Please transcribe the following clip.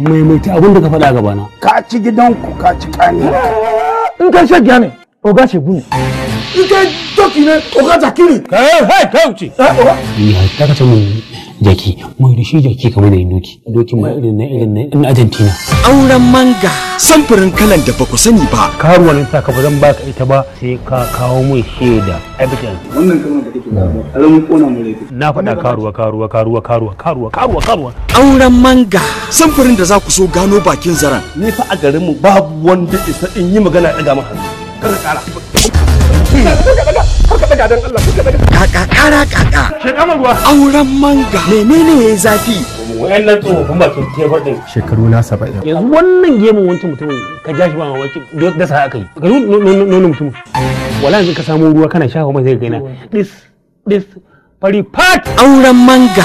maimaita abin da ka faɗa na Ka ci gidanku ka ci kani. In kai shagiya ne, oga shegu ne. In kai doki ne, oga zakiri. Kai, kai, kai wuce. ya eh, haita ka ce mun jaki mai da shi jaki kamar da doki dokin ma irin na irin na in Argentina auren manga samfurin kalan da bako sani ba Karuwa ne ta ka ba baka ita ba sai ka kawo mun shaida evidence wannan kalmar da kake ba alamun kona mu laifi na faɗa karuwa karuwa karuwa karuwa karuwa karuwa karuwa auren manga samfurin da za ku so gano bakin zaran ni fa a garin mu babu wanda isa in yi magana ɗaga maka hannu kada kara raka Allah kuka daga kaka kara kaka shekama ruwa auren manga menene yayi zafi wayannan tsofaffin bakin tebur din shekaru na 70 yanzu wannan gemun wancan mutumin ka ja shi ba da sa aka yi ka nono mutum wala yanzu ka samu ruwa kana shafa mai zai gaina dis dis fari auren manga